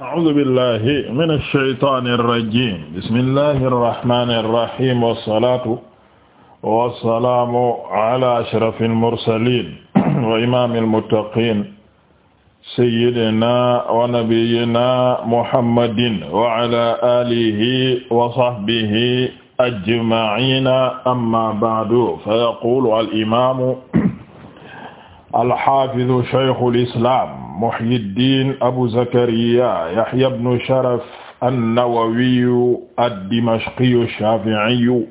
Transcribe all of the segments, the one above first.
a'uuzu billahi mina shaytaani rajiim bismillahi rahmaani rahiim wasalaatu wasalaamu ala ashrafil mursaliin wa imaamil muttaqiin sayyidina wa nabiyyina muhammadin wa ala aalihi wa sahbihi ajma'iina amma ba'du fa yaquulu al imaamu alxafidu shaykhu lislaam muhyiddin abu zakariya yahya ibnu sharaf annawawiyu addimashqiyu shaafi'iyu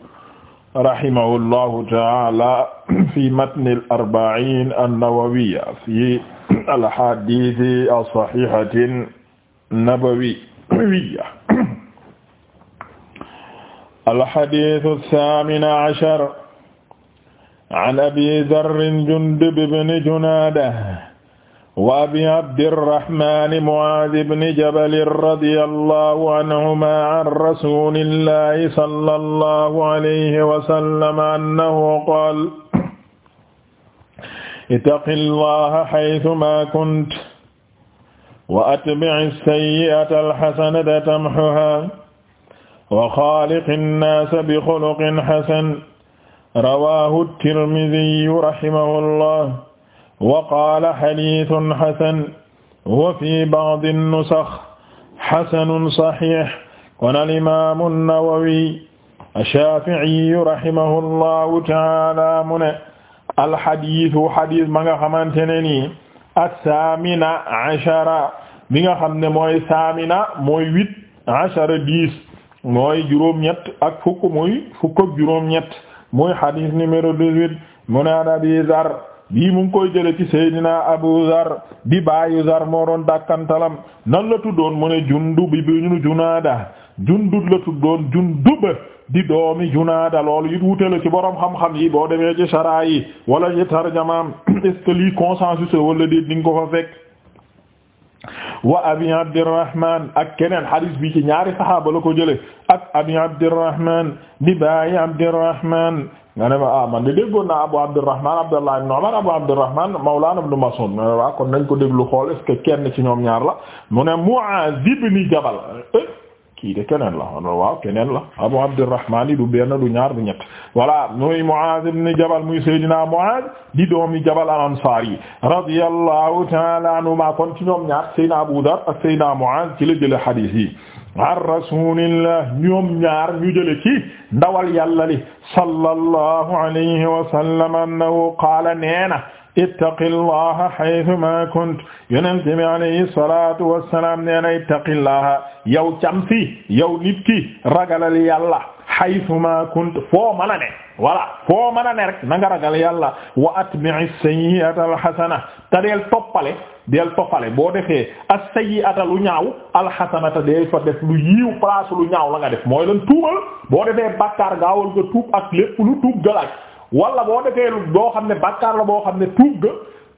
rahimahullahu ta'aala fi matnil arba'iin annawawiyya fi alxaadiisi as-saxiixati nabawiyya alxadiisu saamina cashar an abi darrin jundub bni junaada wa abi abdirrahmani muaaz bni jabalin radia allahu anhuma an rasulillahi sala allahu alayhi wasallam annahu qaal ittaqi llaha haytuma kunt wa atbi'i sayyi'ata alxasanata tamhuha wa xaaliqi nnaasa bi xuluqin xasan rawaahu tirmiziyu rahimahullah wa qaala xadiisun xasan wa fi ba'di nusax xasanun saxiix kon alimaamu nawawi ashaafi'iyu rahimahullahu ta'aala mu ne alxadiisu xadiis ma nga xamante ne nii assaamina ashara mi nga xam ne mooy saamina mooy huit ashara dix mooy juróom-ñett ak fukk muy fukk ak juróom-ñett muy hadith numéro 18 mu ne an Abi Zar bii mu ngi koy jële ci Seydina Abu Zar di baayu Zar moo doon dàkkantalam nan la tuddoon mu ne Jundub ibnu Junaada Jundub la tuddoon Jundub di doomi Junaada loolu it wute la ci borom xam-xam yi boo demee ci saraa yi wala ci tarjamaam est-ce que lii consensus wala déet ni nga ko fa fekk. wa abi abdirrahman ak keneen hadis bi ci ñaari sahaaba la ko jële ak abi abdirrahman di bàyyi abdirrahman nga ne ma ah man de déggoon naa abu abdirrahman abdullah ibn umar abu abdirrahman mawlana ibn mas'ud ma waa ah, kon nañ ko déglu xool kenn ci ñoom ñaar la mu ne mu'az kii de keneen la on waaw keneen la Abu Abdurrahman yi du benn du ñaar du ñett voilà muy Muaz ibn Jabal muy Seydina Muaz di doomi Jabal al-Ansari radiyallahu ta'ala anhuma kon ci ñoom ñaar Seydina Abu Dar ak Seydina Muaz ci la jële hadith yi an rasulillah ñoom ñaar ñu jële ci ndawal yàlla li sallallahu alayhi wa sallam annahu qaala neena ittaqillaha haythuma kunt yonent bi alayhi salatu wassalam nee na ittaqillaha yow camsi yow nit ki ragalal yàlla haythuma kunt foo mën a ne voilà foo mën a ne rek na nga ragal yàlla wa atbi'i sayyi'ata alhasana te deel toppale deel toppale boo defee as-sayyi'ata lu ñaaw alhasanata deel fa def lu yiiw place lu ñaaw la nga def mooy lan tuubal boo defee bàkkaar gaawal nga tuub ak lépp lu tuub galaaj wala boo defee boo xam ne bàkkaar la boo xam ne tuub ga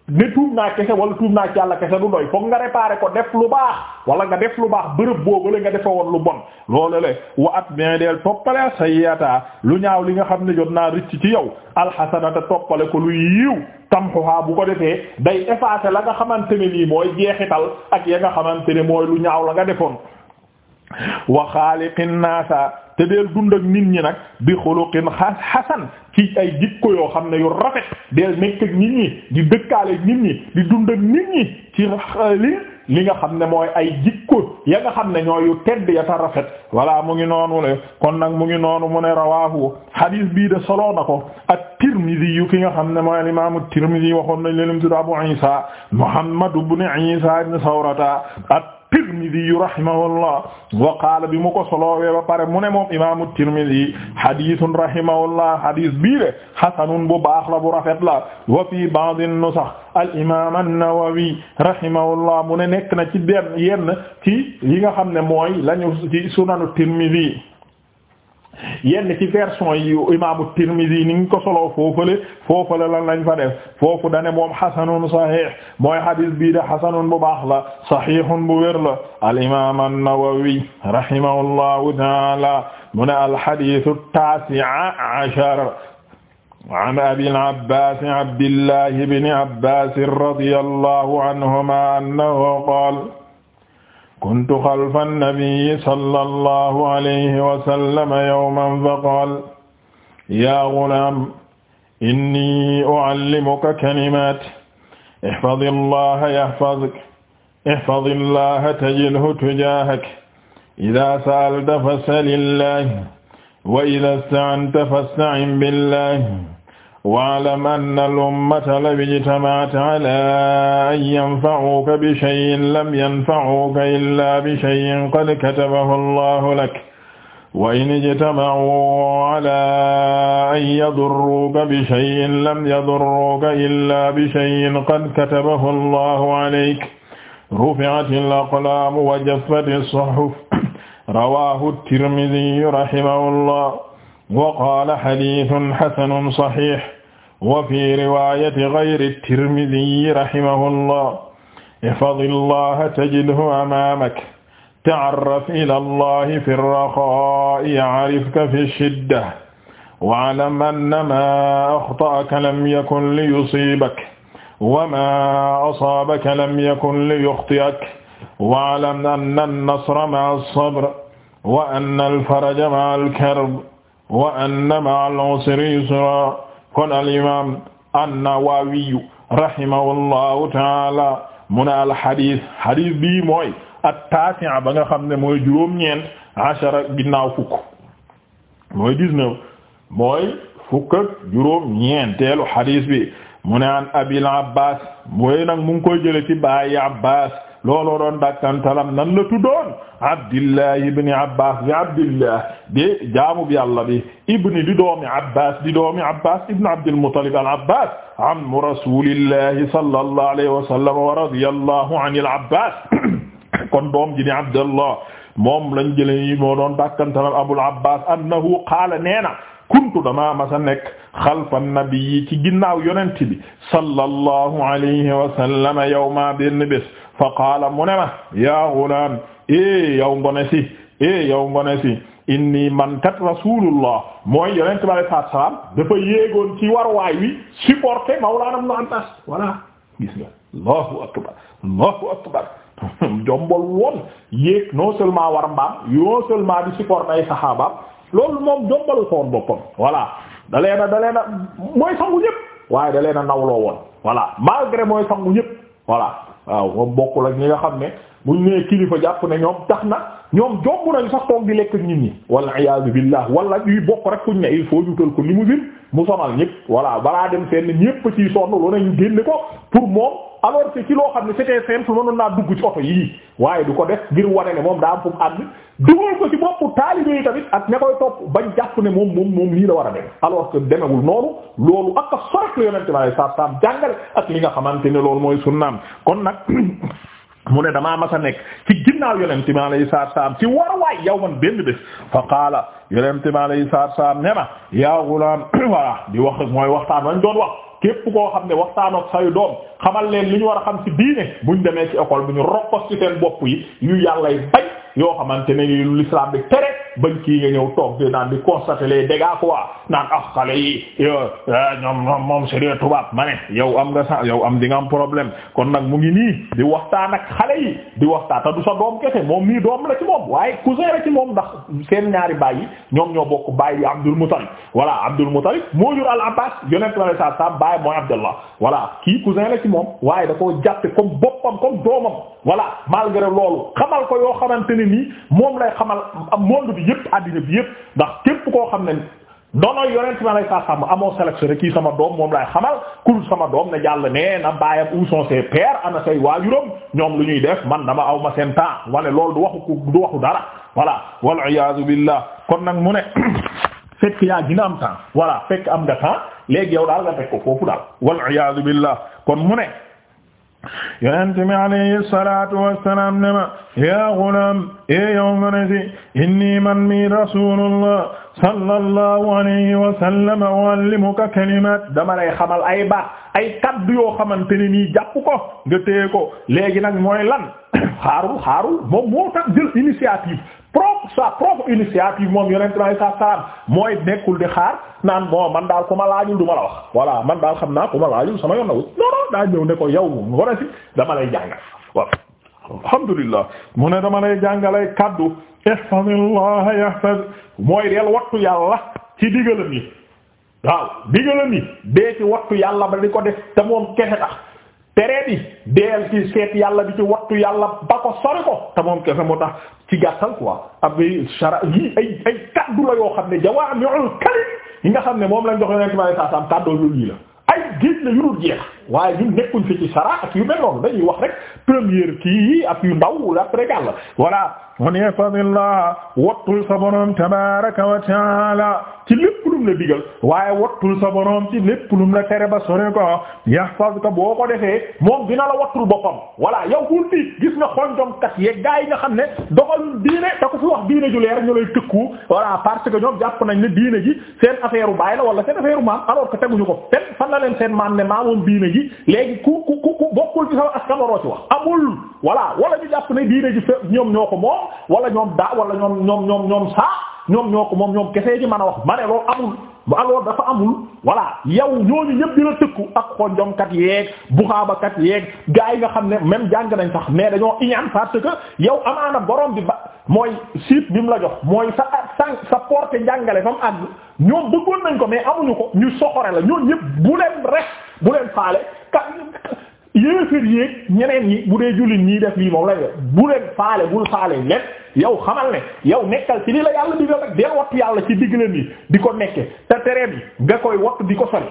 ne tuub naa kese wala tuub naa ci yàlla kese du doy foog nga réparer ko def lu baax wala nga def lu baax bërëb boobu la nga defe woon lu bon loolu le wa at bien deel toppale sayyata lu ñaaw li nga xam ne jot naa rëcc ci yow alxasanata toppale ko lu yiw tamxuhaa bu ko defee day effacer la nga xamante ne nii mooy jeexital ak ya nga xamante ne mooy lu ñaaw la nga defoon wa xaaliqin te deel dund nit ñi nag bi xuluqin hasan ci ay jikko yoo xam ne yu rafet deel nekk nit ñi di dëkkaale nit ñi di dund ak nit ñi ci li li nga xam ne mooy ay jikko ya nga xam ne ñooyu tedd ya ta rafet walaa mu ngi noonu le kon nag mu ngi noonu mu ne rawahu hadis bii de soloo na ko at-Tirmidhi ki nga xam ne mooy al-imam at-Tirmidhi waxoon nañ leen tudd Abu Isa Muhammad ibn Isa ibn Sawrata Tirmidi rahimahullah wa qaala bi mu ko soloowee ba pare mu ne moom imaamu Tirmidi hadiisun rahimahullah hadiis bii de hasanun bu baax la bu rafet la wa fii ba'di nusax al imaam an-Nawawi rahimahullah mu ne nekk na ci benn yenn ci yi nga xam ne mooy lañu ci sunanu Tirmidi yenn ci version yi imaamu Tirmidhi ni ngi ko soloo foofale foofale lan lañ fa def foofu dane moom xasanun sahih mooy hadis bii de xasanun bu baax la sahihun bu wér la al imam an-Nawawi rahimahullahu taala mu ne alhadithu taasi ashar an abil abbas abdillahi ibn abbas radiyallahu anhuma annahu qaala kuntu xalfa nnabiyi sallallahu alayhi wa sallam yawman faqaala yaa gulaam inni u'allimuka kalimaat ihfazillaha yahfazka ihfazillaha tajidhu tujaahak idaa sa'alta fas'alillaah wa idaa ista'anta fasta'in billaah wa'lam anna al-ummata law ijtama'at 'alaa an yanfa'uuka bi shay'in lam yanfa'uuka illaa bi shay'in qad katabahu Allahu lak wa in ijtama'uu 'alaa an yadurruuka bi shay'in lam yadurruuka illaa bi shay'in qad katabahu Allahu 'alayk rufi'ati al-aqlaamu wa jaffati as-suhuf rawaahu at-Tirmidhi rahimahullah wa qaala xadiisun xasanun saxiix wa fi riwaayati gayri tirmidiyi rahimahullah ihfadi llaha tajidhu amaamak ta'arraf ila allahi fi rraxaa'i ya'rifka fi shidda wa'lam anna maa axta'aka lam yakun liyusiibak wa maa asaabaka lam yakun liyuxti'ak wa'lam anna an-nasra ma'a as-sabr wa anna al-faraja ma'a al-karb wa anna ma'al usri yusra kon al imam an-Nawawi rahimahullahu taala mu ne al hadith hadith bii mooy at-taasi'a ba nga xam ne mooy juróom-ñeent ginnaaw fukk mooy dix-neuf mooy fukk ak juróom-ñeenteelu hadith bi mu ne an Abil Abbas mooy nag mu ngi koy jële ci baay Abbas looloo doon dakkantalam nan la tuddoon Abdillah ibn Abbas bi Abdillah di jaamu bi yàlla bi ibni di doomi Abbas di doomi Abbas ibn Abdul Muttalib al-Abbas am rasulillah sallallahu alayhi wa sallam wa radiyallahu anil Abbas kon doom ji ni Abdallah moom lañ jële yi moo doon dakkantalam Abul Abbas annahu qaala neena kuntu dama masa nekk xalfa nabi ci ginnaaw yonent bi sallallahu alayhi wa sallam yawma benn bés fa qaala mu ne ma yaa gulaam e eh, yow ngone si e yow ngone si inni man kat rasulullah mooy yonent bi alei salaatu salaam dafa yéegoon ci war waay wi supporté mawlaana Ibn Abbaas voilà gis nga allahu akbar allahu akbar jombol woon yéeg non seulement war mbaam non seulement di supporté saxaabaam loolu moom jombalu ko woon boppam voilà dalee na mooy sangu ñëpp waaye dalee na nawloo woon mooy sangu ñëpp voilà waaw moom bokkul ak ñi nga xam ne buñ nee kilifa jàpp ne ñoom tax na ñoom jomb nañ sax toog di lekk ak nit ñi wala iyaazu billah wala ñuy bokk rek fuñ ne il faut ñu tël ko li mu gën mu sonal ñëpp voilà balaa dem fenn ñëpp ci sonn lu nañ génne ko pour moom alors que ci loo xam ne c'était simple mënoon naa dugg ci oto yii waaye du ko def ngir wane ne moom daa am fu mu àgg dugal ko ci bopp taalibe yi tamit ak ña koy topp bañ jàpp ne moom moom moom lii la war a def alors que demewul noonu loolu ak a sorak la yonente bi alei satu jàngale ak li nga xamante ne loolu mooy naan kon nag mu ne damaa mas a nekk ci ginnaaw yonent mi alayhi salaatu salaam ci war waay yow man benn bés fa qaala yonent mi alayhi salaatu salaam ne ma yaa gulaam voilà di wax mooy waxtaan wañ doon wax képp koo xam ne waxtaanook sayu doom xamal leen li ñu war a xam ci diine buñ demee ci école bu ñu rokkos ci seen bopp yi yu yàllay bay yoo xamante ne yu l'islam bi tere bañ kii nga ñëw toog di naan di constater les dégâts quoi naan af ah, xale yi ah, ñoom ñoom moom c'est des ma ne yow am nga sa yow am di nga am problème kon nag mu ngi nii di waxtaan ak xale yi di waxtaan te du sa doom kese moom nii doom la ci moom waaye cousin la ci moom ndax seen ñaari baay yi ñoom ñoo bokk baay yi Abdul Muttalib voilà Abdul Muttalib moo jur al Abbas yonent la sa sa baay mooy Abdallah voilà kii cousin la ci moom waaye da koo jàppe comme boppam yépp àddina bi yépp ndax képp koo xam ne ndono yonent ma lay saa sàmm amoo sélectionné kii sama doom moom laay xamal kul sama doom ne jàll ne na baayam où sont ses pères ana say waajuram ñoom lu ñuy def man dama aw ma seen temps wane loolu du waxu du waxu dara voilà wal iyaadu billah kon nag mu ne fekk yaa am temps voilà fekk am nga temps léegi yow daal nga wal iyaadu billah kon mu ne yonent mi alayhi salaatu wassalaam ne ma yaa gulaam e yow ngone si inni man mi rasulullah sallallahu alayhi wa sallam uallimuka kalimat dama lay xamal ay baax ay kaddu yoo xamante ne nii jàpp ko nga téye ko léegi nag mooy lan xaarul xaarul moom moo tax jël initiative propre sa propre initiative moom yonent bi saa salaam mooy nekkul di xaar naan bon man daal ku ma laajul du la wax voilà man daal xam naa ku ma laajul sama yoon na wut non non daa ñëw ne ko yow war si dama lay jàngal waaw. alhamdulillah mu ne dama lay jàngalay kaddu ihfazillah yahfaz mooy del wattu yàlla ci digalam yi waaw digalam yi dee ci wattu yàlla ba di ko def te moom kese tax. tere bi deel ci seet yàlla bi ci wattu yàlla ba ko sori ko te moom kese moo tax ci gàttal quoi ab shara yi ay ay kaddu la yoo xam ne jawaami'ul kalim yi nga xam ne moom lañ joxe Yonent bi sallallahu alayhi la ay géej la yu dul jeex waaye ñun nekkuñ fi ci ak yu mel noonu dañuy wax rek première kii yi ak yu ndaw la après gàll voilà mu ne fadillah wattul sa borom tabaaraka wa ci lépp lum la digal waaye wattul sa borom ci lépp lum la tere ba sori ko yahfazka boo ko defee moom dina la wattul boppam voilà yow bul tiit gis nga xonjom kat yeeg gaa yi nga xam ne doxalul diine te ku fi wax diine ju leer ñu lay tëkku voilà parce que ñoom jàpp nañ ne diine ji seen affaire baay la wala seen affaire maam alors que teguñu ko fen fan la leen seen maam ne maamoom diine ji léegi ku ku ku bokkul ci sama askan waroo ci amul voilà ñu jàpp ne diine ñoom ñoo ko moom ñoom kese ci man a wax ma ne loolu amul bu alors dafa amul voilà yow ñooñu ñëpp dina tëkku ak xonjomkat yeeg xaabakat yeeg gaa yi nga xam ne même jàng nañ sax mais dañoo iñaan parce que yow amaana borom bi ba mooy siit bi mu la jox mooy sa sa sa porte njàngale fam àgg ñoom bëggoon nañ ko mais amuñu ko ñu soxore la ñoom ñëpp bu leen rek bu leen faale yéeféer yéeg ñeneen yi bu dee jullit ñii def lii moom la bu leen faale bul faale leen yow xamal ne yow nekkal ci li la yàlla digal rek deel wattu yàlla ci diggaleen yi di ko nekke te tereen yi nga koy wattu di ko sori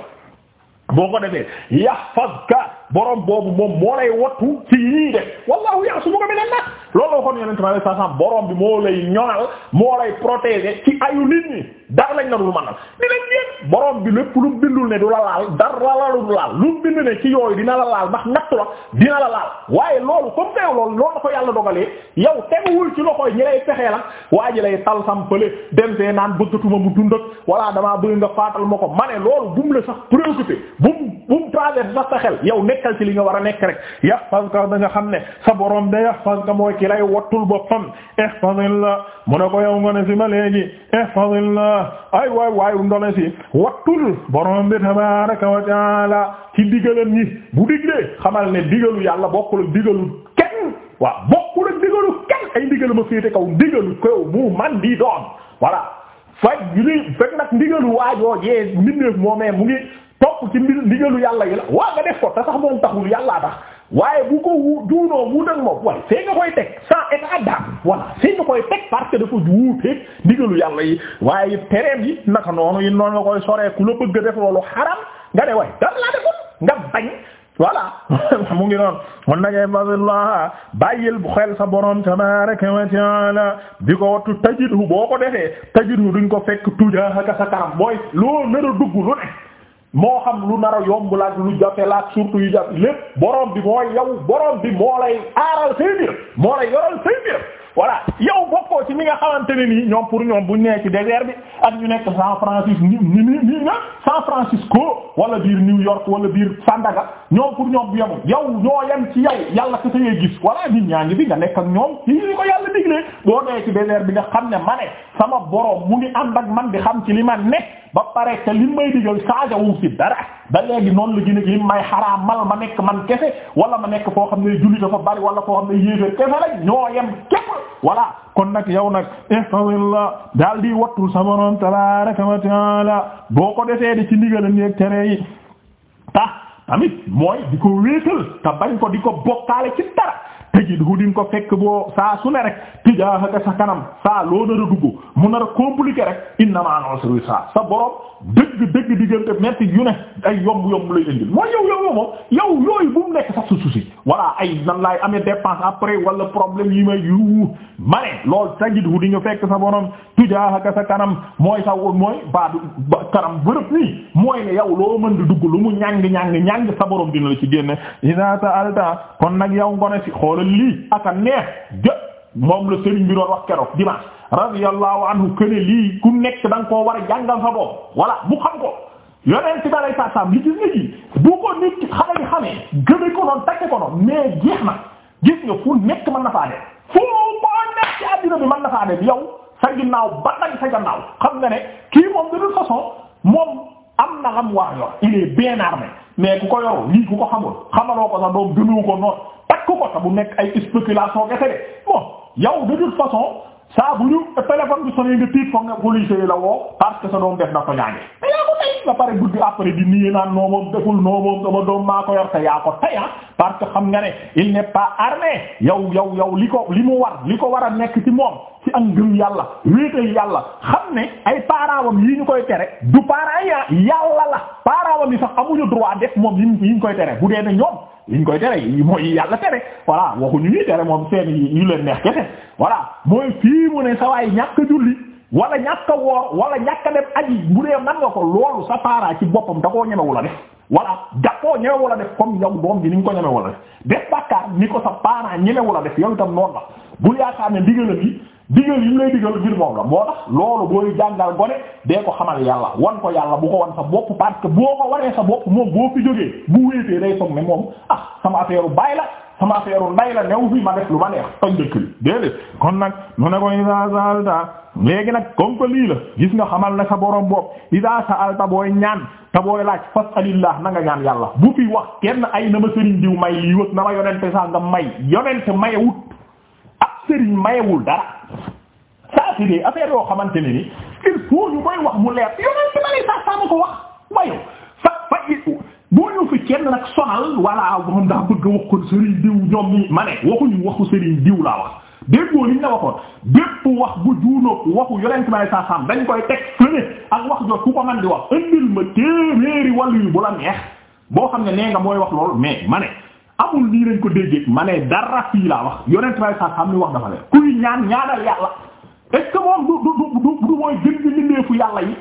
boo ko defee yahfazka borom boobu moom moo lay wattu ci yii de wallahu ya'sumuka minan nas loolu la waxoon yonente ma sa bi moo lay ñoŋal moo lay protéger ci ayu nit ñi dara lañ la dul mënal di lañ yéeg borom bi lépp lu mu bindul ne du la laal dara la du laal lu mu bind ne ci yooyu dina la laal ndax nattu la dina la laal waaye loolu comme que yow loolu loolu la ko yàlla dogalee yow teguwul ci loxoy ñi lay fexee la waa ji lay tal sam pële naan bëggatuma mu dund ak walla damaa bëgg ma ko ma ne loolu sax préoccupé bu mu nekkal ci li nga war a nekk rek yahfazka da nga xam ne sa borom de yahfazka mooy ki lay wattul boppam ihfazillah mu ne ko yow nga ne si ma léegi ihfazillah ay waay waay ndone si wattul borom bi tabaraka wa taala ci digalam yi bu diglee xamal ne digalu yàlla bokkul digalu kenn waaw bokkul ak digalu kenn ay digalu ma féete kaw digalu kaw mu man di doon voilà faj fekk nag ndigalu waajoojee mbindeef moomee mu ngi topp ci mbir ndigalu yàlla yi la waa nga def ko te sax moom taxul yàllaa tax waaye bu ko wu duunoo wuuteeg moom waaye fee nga koy teg sans état d'âme voilà fee nga koy teg parce que dafa wuuteeg ndigalu yàlla yi waaye tereem yi naka noonu yi noonu nga koy soree ku la bëgg def loolu xaram nga ne waaye dara laa defut nga bañ. voilà mu ngi noonu mun nagay basillaa bàyyil bu xel sa borom tabaraka wa taala di ko wattu tajidhu boo ko defee tajidhu duñ ko fekk tuja mooy loo nar moo xam lu nar a yomb laaj ak lu jafe la ak surtout yu jafe lépp borom bi mooy yow borom bi moo aaral say mbir yoral say voilà yow bokkoo ci ñi nga xamante ne nii ñoom pour ñoom bu ñu nee ci désert bi ak ñu nekk San Francisco ni ni ni nga San Francisco wala biir New York wala biir Sandaga ñoom pour ñoom bu yemu yow ñoo yem ci yow yàlla ko tayee gis voilà nit ñaa ngi bi nga nekk ak ñoom ci li ko yàlla diglee boo nee ci bi nga xam ne ma ne sama boro mu ngi ànd ak man di xam ci li ma ne ba pare te li may di digal saajawu ci dara ba léegi noonu la gën a li may xaraamal ma nekk man kese wala ma nekk foo xam ne julli dafa bari wala foo xam ne yéeféer kese ñoo yem voilà kon nag yow nag ihfazillah daal di wattu sa borom tabaaraka wa taala boo ko defee di ci ndigalam yeek tere yi tax tamit mooy di ko wéetal te ko di ko bokkaale ci tajidhu di nga ko fekk boo saa su ne rek tijaahaka sa kanam saa loo nar a dugg mu nar a compliqué rek inna ma'al usri yusra sa borom dëgg dëgg diggante metti yu ne ay yomb yomb la indil mooy yow yow yow moom yow yooyu bu mu nekk sax sa souci voilà ay nan laay amee dépense après wala problème yi may yu ma lool loolu tajidhu di ñu fekk sa borom tujaahaka sa kanam mooy sa mooy baatu kanam bërëb nii mooy ne yow loo mën di dugg lu mu ñàng ñàng ñàng sa borom dina la ci génne iza sa'alta kon nag yow ngone si xoolal lii aka neex jë moom la sëriñ bi doon wax keroog dimanche radiyallahu anhu këne lii ku nekk da nga koo war a jàngal sa bopp voilà bu xam ko yonent bi alayhi salaam li gis nga ji bu ko nit xale yi xamee gëme ko noonu takk ko jeex na fu moo nekk ci àddina bi mën na faa def yow sa ginnaaw ba nag sa gannaaw xam nga ne kii moom de toute façon moom am na xam waa yor il est bien armé mais ku ko yoru lii ku ko xamul xamaloo ko sax doom gënu ko noonu takk ko ta bu nekk ay spéculation kese de bon yow de toute façon saa bu ñu téléphone bi sonné nga tiit foog nga policier la woo parce que sa doom def na ko ba pare bëgg après di nié naan noo moom deful noo moom sama doom maa ko yor te yaa ko tey ah. parce que xam nga ne il n'est pas armé yow yow yow li ko li mu war li ko war a nekk ci moom ci am ngëm yàlla wéetal yàlla xam ne ay paaraawam yi ñu koy tere du paara ya ah, yàlla la paaraawam yi sax amuñu droit def moom yi ñu koy tere bu dee ne ñoom yi ñu koy tere mooy yàlla tere voilà waxuñu ñuy tere moom seen yu leen neex kese voilà mooy fii mu ne sawaay wala ñàkk a woor wala ñàkk a dem aji bu dee man nga ko loolu safara ci boppam da koo ñemewu la def wala da koo ñemewu la def comme yow doom bi ni ko ñemewu la def def bàkkaar ni ko sa parent ñemewu la def yow itam noonu la bul yaakaar ne ndigalal yi digal yi lay digal ngir moom la moo tax loolu booy jàngal gone dee ko xamal yàlla wan ko yàlla bu ko wan sa bopp parce que boo ko waree sa bopp moom boo fi jógee bu wéetee day foog ne moom ah sama affaire u baay la sama affaire u nday la new fi ma def lu ma neex toj dëkkli déedéet kon nag mu ko isa saalta léegi nag comme que lii gis nga xamal na sa borom bopp isa booy ñaan te booy laaj fasalillah na nga ñaan yàlla bu fi wax kenn ay na ma sëriñ diw may lii wëg na ma yonente sax nga may yonente mayewut ak sëriñ mayewul dara ça c'est des affaires yoo xamante ne ni il faut ñu koy wax mu leer yonente ma lay sax sama ko wax mayow fa fa boo ñëw fi kenn nag sonal walla moom daa bëgg a wax ko Serigne diw ñoom ñi ma ne waxuñu waxu Serigne diw laa wax déggoo liñ la waxoon bépp wax bu juunóog waxu yonent bi saa saam dañ koy teg fële ak wax jot ku ko man di wax indil ma téeméeri wàllu yu bu la neex boo xam ne nee nga mooy wax loolu mais ma ne amul nii lañ ko déggee ma ne dara fii laa wax yonent bi saa ni wax dafa leer kuy ñaan ñaanal yàlla est ce que moom du du du mooy gën gi mbindeefu yàlla yi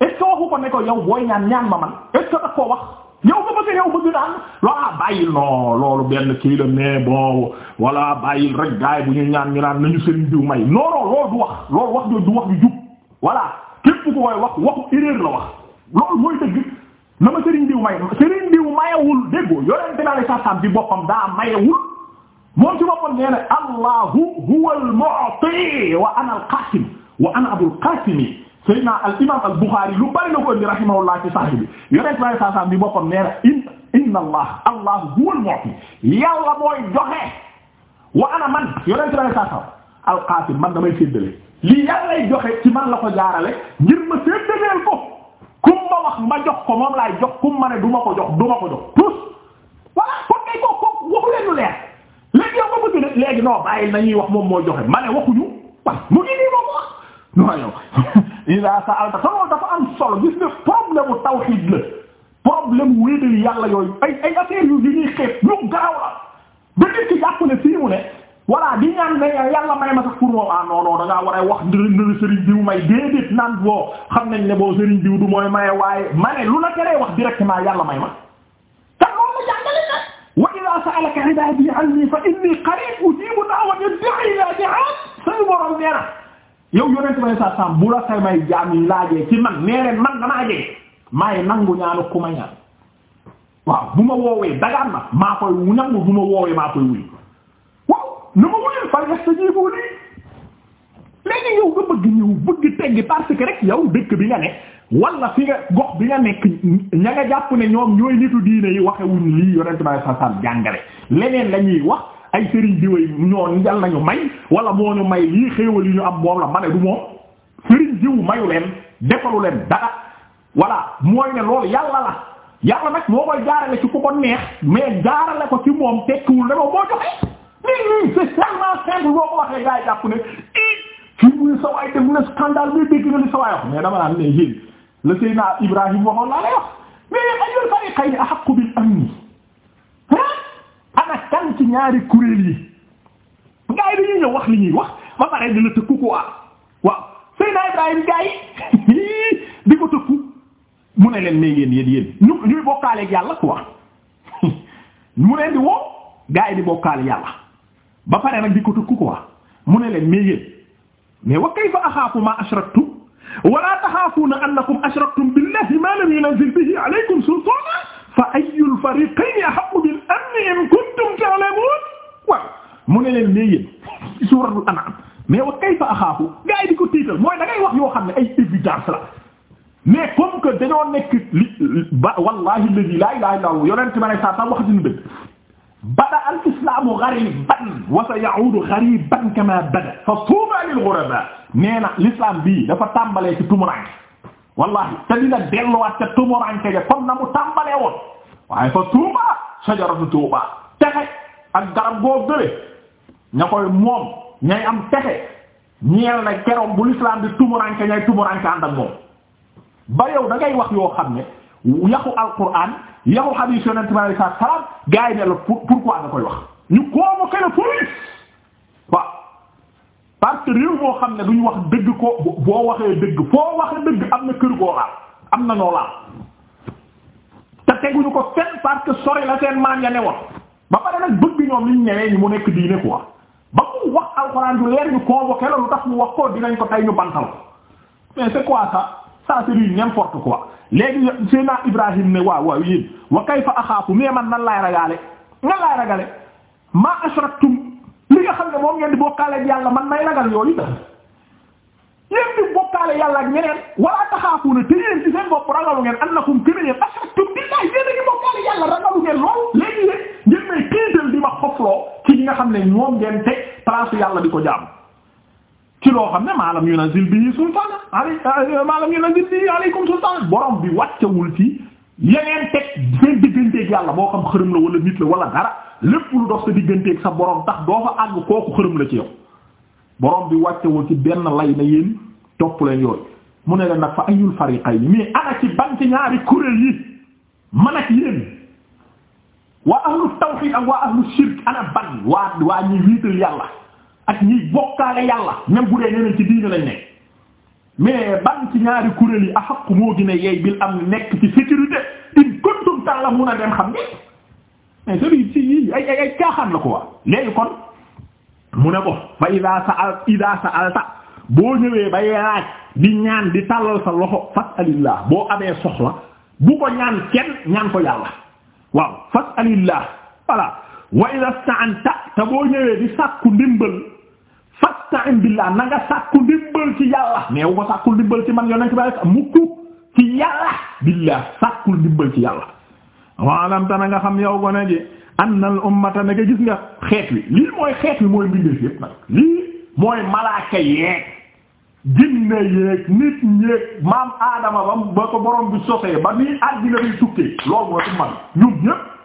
est waxu ko ne ko yow booy ñaan ñaan ma man est-ce que daf koo wax yow ba bëgg yow bëgg naan loola bàyyil non loolu benn kii la mais bon wala bàyyil rek gaay bu ñu ñaan ñu naan nañu sëriñ diw may non non du wax loolu wax jooju wax ju jub voilà képp ku koy wax waxu erreur la wax loolu mooy dëgg na ma sëriñ diw may sëriñ diw mayewul déggoo yorente naa le sasam bi boppam daa mayewul moom ci boppam nee ne allahu huwa al ana al qasim Seydina al imam al Bukhari lu bari la ko indi rahimahullah ci Sahih bi yonent bi saa saa bi boppam nee na in inna allah allah huwal mu'ti yàlla mooy joxe wa ana man yonent bi saa saa al qasim man damay séddale lii yàllay joxe ci man la ko jaarale ngir ma séddaleel ko kum ma wax ma jox ko moom laay jox kum ma ne du ma ko jox du ma ko jox tous voilà kon kay ko ko waxu leen lu leer léegi yow ma bëgg ne léegi non bàyyi nañuy wax moom moo joxe ma ne waxuñu wax mu ngi nii moo ko wax non yow ida sa'alta te loolu dafa am solo gis nga problème u tawxiid la problème wéedal yàlla yooyu ay ay affaire yu yu ñuy xeet ñu garaw la ba nit ki jàpp ne fii mu ne voilà di ñaan ne yàlla may ma sax pour moom ah non non da ngaa war a wax ndërëndërë Serigne Diou may déedéet naan boo xam nañ ne boo Serigne Diou du mooy maye waaye ma ne lu la teree wax directement yàlla may ma. te loolu la jàngale nag. wa idha sa'alaka ibadi anni fa inni qarib ujibu da'wata da'i ila da'a. sëñ Borom nee na. yow yonent may sa sam bu la samay jaam yi laajee ci man nee man damaa jege maay nangu ñaanu ku ma ñaan waaw bu ma woowee dagaan na maa koy nangu bu ma woowee maa koy wuyu waaw na ma wuyul fal yastajibu lii léegi yow nga bëgg ñëw bëgg teggi parce que rek yow dëkk bi nga ne wala fi nga gox bi nga nekk ña nga jàpp ne ñoom ñooy nitu diine yi waxewuñ lii yonent may sa sam jàngale leneen lañuy wax ay sëriñ diwéy ñoon yal nañu may wala moo ñu may lii xéewal yi ñu am moom la ma ne du moom sëriñ diw mayu leen defalu leen dara voilà mooy ne loolu yàlla la yàlla nag moo koy jaarale ci ku ko neex mais jaarale ko ci moom tekkiwul dama boo joxe lii lii c'est tellement simple boo ko waxee gaa jàpp ne i fii muy sawaay def na scandale bi dégg na li sawaay wax mais dama naan ne yéen naa Seydina Ibrahim waxoon laa lay wax mais ayyul fariqayni ahaqqu bil ana kan ci ñaari kuréel yi gars yi dañuy ñëw wax li ñuy wax ba pare di la tëkku quoi waaw Seydina Ibrahim gars yi di ko tëkku mu ne leen ne yéen yéen yéen ñu ñuy bokkaaleeg yàlla quoi mu leen di woo gars yi di bokkaale yàlla ba pare nag di ko tëkku quoi mu ne leen ne yéen mais wa kayfa axaafu ma ashraktum wala taxaafuuna annakum ashraktum billahi ma lam yunzil bihi alaykum sultaana fa ayyul fariqayni mu ne leen mais yéen suuratul an'am mais wa kayfa axaafu gaa yi di ko tiital mooy da ngay wax yoo xam ne ay évidence la mais comme que dañoo nekk li ba wallahi ladi laa ilaha illa hu yonent ma ne saa sa wax dina dëgg bada al islamu ghariban wa sa ya'udu ghariban kama bada fa tuuba lil ghuraba nee na l'islam bii dafa tàmbalee ci tumuranke wallahi te dina delluwaat ca tumuranke ga comme na mu tàmbalee woon waaye fa tuuba sajaratu tuuba texe ak garab goo gële ña koy moom ñay am pexe ñeel na keroog bu l'islam di tumuranke ñay tumuranke ànd ak moom ba yow da ngay wax yoo xam ne yaxu alquran yaxu hadith yonent bi alayhi salaam gars yi ne la pourquoi nga koy wax xam ne duñ wax dëgg ko boo waxee dëgg foo waxee dëgg am na kër goo am na ñoo laal te ko fenn parce la seen maam ya ne woon ba pare nag bëgg ñoom liñ ñewee ñu mu nekk diine quoi ba mu wax alxuraan ju leer ñu convoqué la lu tax wax ko dinañ ko tay ñu bantal ko mais c'est quoi ça ça c'est du n'importe quoi léegi Seydina Ibrahim ne waaw waaw yéen wa kayfa axaafu mais man nan laay ragaale nan laay ragale ma ashraktum li nga xam ne moom ngeen di bokkaale yàlla man may ragal yooyu da yéen di bokkaale yàlla ak ñeneen wala taxaafuuna te yéen ci seen bopp ragalu ngeen annakum yàlla di ko jaamu ci loo xam ne maalam yunazil bihi sultaana alay maalam yunazil bihi alaykum sultaana borom bi wàccewul ci yeneen teg seen digganteeg yàlla boo xam xërëm la wala nit la wala dara lépp lu dox sa digganteeg sa boroom tax doo fa àgg kooku xërëm la ci yow borom bi wàccewul ci benn lay na yéen topp leen yooyu mu ne leen nag fa ayul fariqayni mais ana ci ban ci ñaari kuréel yi man ak yéen waa ahlu tawhid ak waa ahlu shirk ana ak ñiy bokkaale yàlla même bu dee ñeneen ci diine lañ ne mais ban ci ñaari kuréel yi ahaq moo gën a yeey bil am nekk ci sécurité in kuntum ta'lamuna dem xam ni mais celui ci ay ay ay caaxaan la ko waa léegi kon mu ne ko fa ida sa'al ida sa'alta boo ñëwee bay laaj di ñaan di tàllal sa loxo fas'alillah boo amee soxla bu ko ñaan kenn ñaan ko yàlla waaw fas'alillah voilà wa ida sta'anta te boo ñëwee di sàkku ndimbal fasta'in billah na nga sàkku ndimbal ci yàlla neew ko sàkkul ndimbal ci man yonent ba mukku ci yàlla billah sàkkul ndimbal ci yàlla waalam ta na nga xam yow gone na annal ummata naka gis nga xeet wi lii mooy xeet wi mooy mbindeef yépp nag lii mooy malaaka yeeg jinne yeeg nit ñeeg maam aadama ba ba ko borom bi sosee ba nii àddina bi tukkee loolu mooy ummat ñun ñépp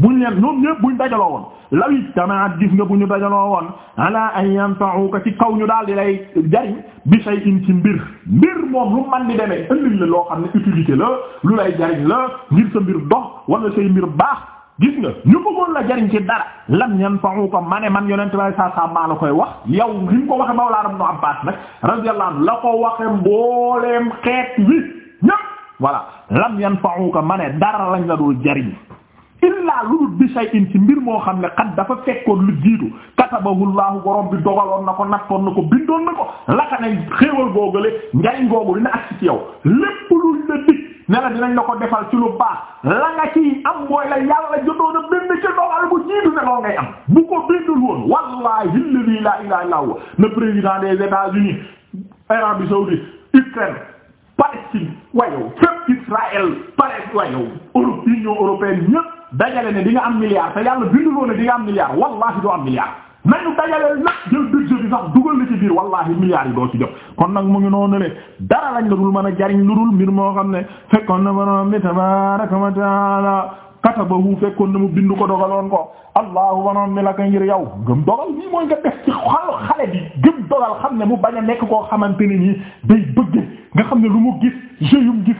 buñ leen ñoom ñépp buñ dajaloo woon law ijtamaat gis nga bu ñu dajaloo woon ala an yanfa'uka ci kaw ñu daal di lay jariñ bi shay'in ci mbir mbir moom lu man di demee ëndil la loo xam ne utilité la lu lay jariñ la ngir sa mbir dox wala say mbir baax gis nga ñu bëggoon la jariñ ci dara lam yanfa'uka ma ne man yonent bay saa saa maa la koy wax yow li mu ko waxe mawlaana Ibnu Abbaas nag radiyallahu anhu la ko waxe mbooleem xeet wi ñépp voilà lam yanfa'uka ma ne dara lañ la dul jariñ illaa ludul bi shay'in si mbir moo xam ne xat dafa fekkoon lu jiitu katabahullahu borom bi dogaloon na ko nattoon na ko bindoon na ko laka ne xéewal googale njariñ googu dina agsi ci yow lépp lu la dig ne dinañ la ko defal si lu baax la nga am mooy la yàlla jotoon a bind ci dogal bu jiitu ne loo ngay am bu ko bindul woon wallahi alladhi la ilaha illa huwa président des États-Unis Arabie saoudite Ukraine Palestine wayow fépp Israël Palestine wayow dajale ne di nga am milliard te yàlla binduloo ne di nga am milliard wallahi doo am milliard nañu dajale nag jël budget bi sax dugal na ci biir wallahi milliards yi doo ci jot kon nag mu ngi noonu le dara lañ la dul mën a jariñ lu dul mbir moo xam ne fekkoon na borom bi tabaaraka wa taala katabahu fekkoon na mu bindu ko dogaloon ko allahu borom bi la ko ngir yow gëm dogal nii mooy nga def ci xal xale bi gëm dogal xam ne mu bañ a koo xamante ne nii day bëgg nga xam ne lu mu gis jëyum gis